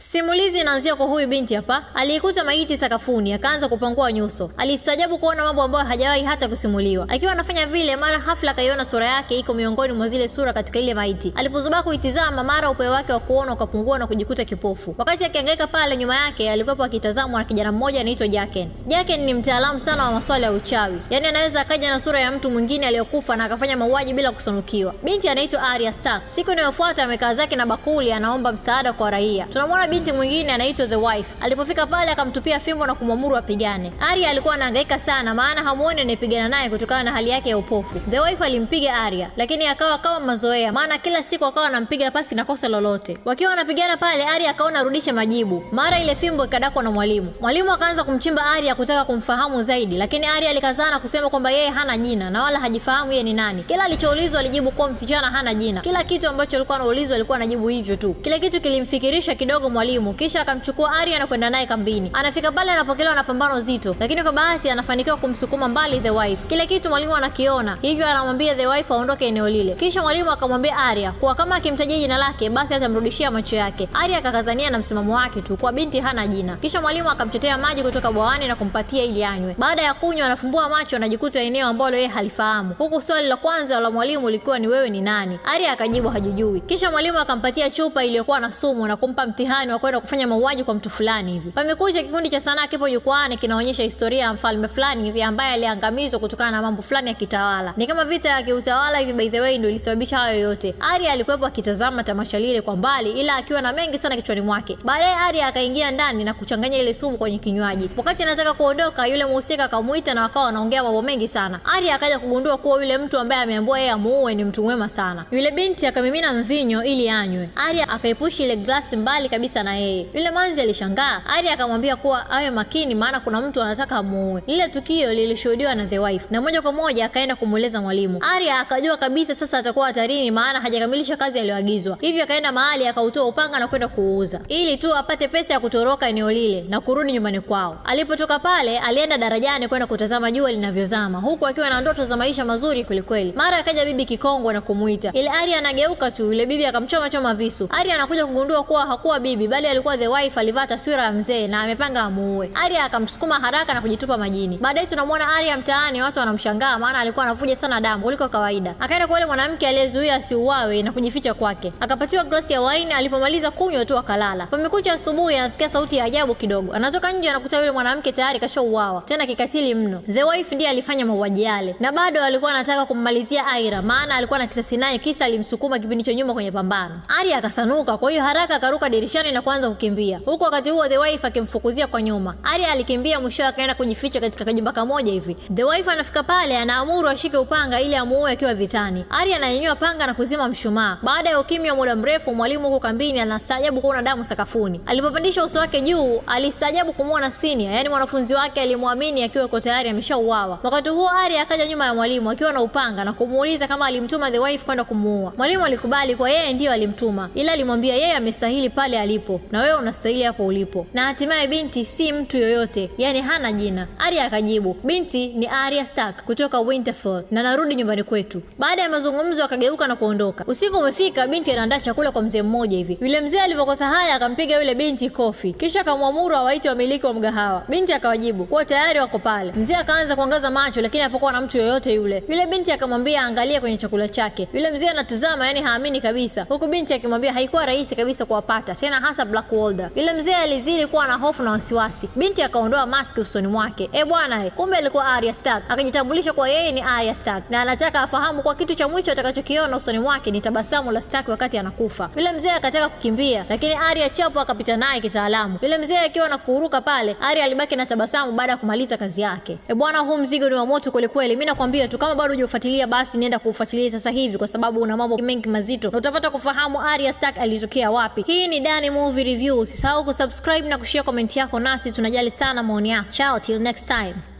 Simulizi inaanzia kwa huyu binti hapa aliyekuta maiti sakafuni, akaanza kupangua nyuso. Alistajabu kuona mambo ambayo hajawahi hata kusimuliwa. Akiwa anafanya vile, mara hafla akaiona sura yake iko miongoni mwa zile sura katika ile maiti. Alipozubaa kuitizama, mara upeo wake wa kuona ukapungua na kujikuta kipofu. Wakati akiangaika pale, nyuma yake alikuwepo akitazamwa na kijana mmoja anaitwa Jaken. Jaken ni mtaalamu sana wa masuala ya uchawi, yaani anaweza akaja na sura ya mtu mwingine aliyokufa na akafanya mauaji bila kusanukiwa. Binti anaitwa Arya Stark. Siku inayofuata amekaa zake na bakuli, anaomba msaada kwa raia. Tunamwona binti mwingine anaitwa The Wife. Alipofika pale akamtupia fimbo na kumwamuru apigane. Arya alikuwa anahangaika sana, maana hamuoni anayepigana naye kutokana na hali yake ya upofu. The Wife alimpiga Arya, lakini akawa kama mazoea, maana kila siku akawa anampiga pasi na kosa lolote. Wakiwa wanapigana pale, Arya akaona arudishe majibu. Mara ile fimbo ikadakwa na mwalimu. Mwalimu akaanza kumchimba Arya kutaka kumfahamu zaidi, lakini Arya alikazana na kusema kwamba yeye hana jina na wala hajifahamu yeye ni nani. Kila alichoulizwa alijibu kuwa msichana hana jina. Kila kitu ambacho alikuwa anaulizwa alikuwa anajibu hivyo tu. Kile kitu kilimfikirisha kidogo mwalimu, kisha akamchukua Arya na kwenda naye kambini. Anafika pale, anapokelewa na pambano zito, lakini kwa bahati anafanikiwa kumsukuma mbali the wife. Kile kitu mwalimu anakiona, hivyo anamwambia the wife aondoke eneo lile. Kisha mwalimu akamwambia Arya kuwa kama akimtajia jina lake basi atamrudishia macho yake. Arya akakazania na msimamo wake tu kwa binti hana jina. Kisha mwalimu akamchotea maji kutoka bwawani na kumpatia ili anywe. Baada ya kunywa, anafumbua macho, anajikuta eneo ambalo yeye halifahamu, huku swali la kwanza la mwalimu lilikuwa ni wewe ni nani? Arya akajibu hajujui. Kisha mwalimu akampatia chupa iliyokuwa na sumu na kumpa mtihani fulani wa kwenda kufanya mauaji kwa mtu fulani hivi. Pamekuja kikundi cha sanaa kipo jukwaani, kinaonyesha historia ya mfalme fulani hivi ambaye aliangamizwa kutokana na mambo fulani ya kitawala, ni kama vita ya kiutawala hivi. By the way, ndio ilisababisha hayo yote. Arya alikuwepo akitazama tamasha lile kwa mbali, ila akiwa na mengi sana kichwani mwake. Baadaye Arya akaingia ndani na kuchanganya ile sumu kwenye kinywaji. Wakati anataka kuondoka, yule mhusika akamuita na wakawa wanaongea mambo mengi sana. Arya akaja kugundua kuwa yule mtu ambaye ameambiwa yeye amuue ni mtu mwema sana. Yule binti akamimina mvinyo ili anywe. Arya akaepusha ile glasi mbali kabisa kabisa na yeye. Yule manzi alishangaa, Ari akamwambia kuwa awe makini, maana kuna mtu anataka amuue. Lile tukio lilishuhudiwa na the wife na moja kwa moja akaenda kumweleza mwalimu. Arya akajua kabisa sasa atakuwa hatarini, maana hajakamilisha kazi aliyoagizwa, hivyo akaenda mahali akautoa upanga na kwenda kuuuza ili tu apate pesa ya kutoroka eneo lile na kurudi nyumbani kwao. Alipotoka pale, alienda darajani kwenda kutazama jua linavyozama, huku akiwa na ndoto za maisha mazuri kwelikweli. Mara akaja bibi kikongwe na kumuita, ile Arya anageuka tu, yule bibi akamchoma choma visu. Arya anakuja kugundua kuwa hakuwa bibi Bali alikuwa the wife, alivaa taswira ya mzee na amepanga amuue. Arya akamsukuma haraka na kujitupa majini. Baadaye tunamwona Arya mtaani, watu wanamshangaa, maana alikuwa anavuja sana damu kuliko kawaida. Akaenda kwa yule mwanamke aliyezuia asiuawe na kujificha kwake, akapatiwa glasi ya waini. Alipomaliza kunywa tu akalala. Pamekucha asubuhi, anasikia sauti ya ajabu kidogo, anatoka nje, anakuta yule mwanamke tayari kashauawa, tena kikatili mno. The wife ndiye alifanya mauaji yale, na bado alikuwa anataka kummalizia Aira, maana alikuwa na kisasi naye, kisa alimsukuma kipindi cha nyuma kwenye pambano. Arya akasanuka, kwa hiyo haraka akaruka dirishani na kwanza kukimbia huku. Wakati huo The Wife akimfukuzia kwa nyuma. Arya alikimbia mwisho akaenda kujificha katika kajumba kamoja hivi. The Wife anafika pale, anaamuru ashike upanga ili amuue akiwa vitani. Arya ananyanyua panga na kuzima mshumaa. Baada ya ukimya muda mrefu, mwalimu huko kambini anastaajabu kuona damu sakafuni. Alipopandisha uso wake juu, alistaajabu kumwona Sinia, yaani mwanafunzi wake alimwamini akiwa yuko tayari ameshauawa. Wakati huo Arya akaja nyuma ya mwalimu akiwa na upanga na kumuuliza kama alimtuma The Wife kwenda kumuua. Mwalimu alikubali kwa yeye ndiyo alimtuma, ila alimwambia yeye amestahili pale alipo ulipo na wewe unastahili hapo ulipo. Na hatimaye binti si mtu yoyote, yani hana jina. Arya akajibu, binti ni Arya Stark kutoka Winterfell na narudi nyumbani kwetu. Baada ya mazungumzo akageuka na kuondoka. Usiku umefika, binti anaandaa chakula kwa mzee mmoja hivi. Yule mzee alivyokosa haya akampiga yule binti kofi, kisha akamwamuru awaite wamiliki wa mgahawa. Binti akawajibu kuwa tayari wako pale. Mzee akaanza kuangaza macho, lakini hapakuwa na mtu yoyote yule. Yule binti akamwambia angalie kwenye chakula chake. Yule mzee anatazama, yani haamini kabisa, huku binti akimwambia haikuwa rahisi kabisa kuwapata tena hasa Blackwolder. Yule mzee alizidi kuwa na hofu na wasiwasi. Binti akaondoa maski usoni mwake. E bwana, eh, kumbe alikuwa Arya Stark. Akajitambulisha kwa yeye ni Arya Stark na anataka afahamu kwa kitu cha mwisho atakachokiona usoni mwake ni tabasamu la Stark wakati anakufa. Yule mzee akataka kukimbia, lakini Arya chapo akapita naye kitaalamu. Yule mzee akiwa na kuruka pale, Arya alibaki na tabasamu baada ya kumaliza kazi yake. E bwana, huu mzigo ni wa moto kweli kweli. Mimi nakwambia tu, kama bado hujafuatilia basi nienda kuufuatilia sasa hivi, kwa sababu una mambo mengi mazito na utapata kufahamu Arya Stark alitokea wapi. Hii ni Dani Movie Review. Usisahau kusubscribe na kushare komenti yako nasi, tunajali sana maoni yako. Chao, till next time.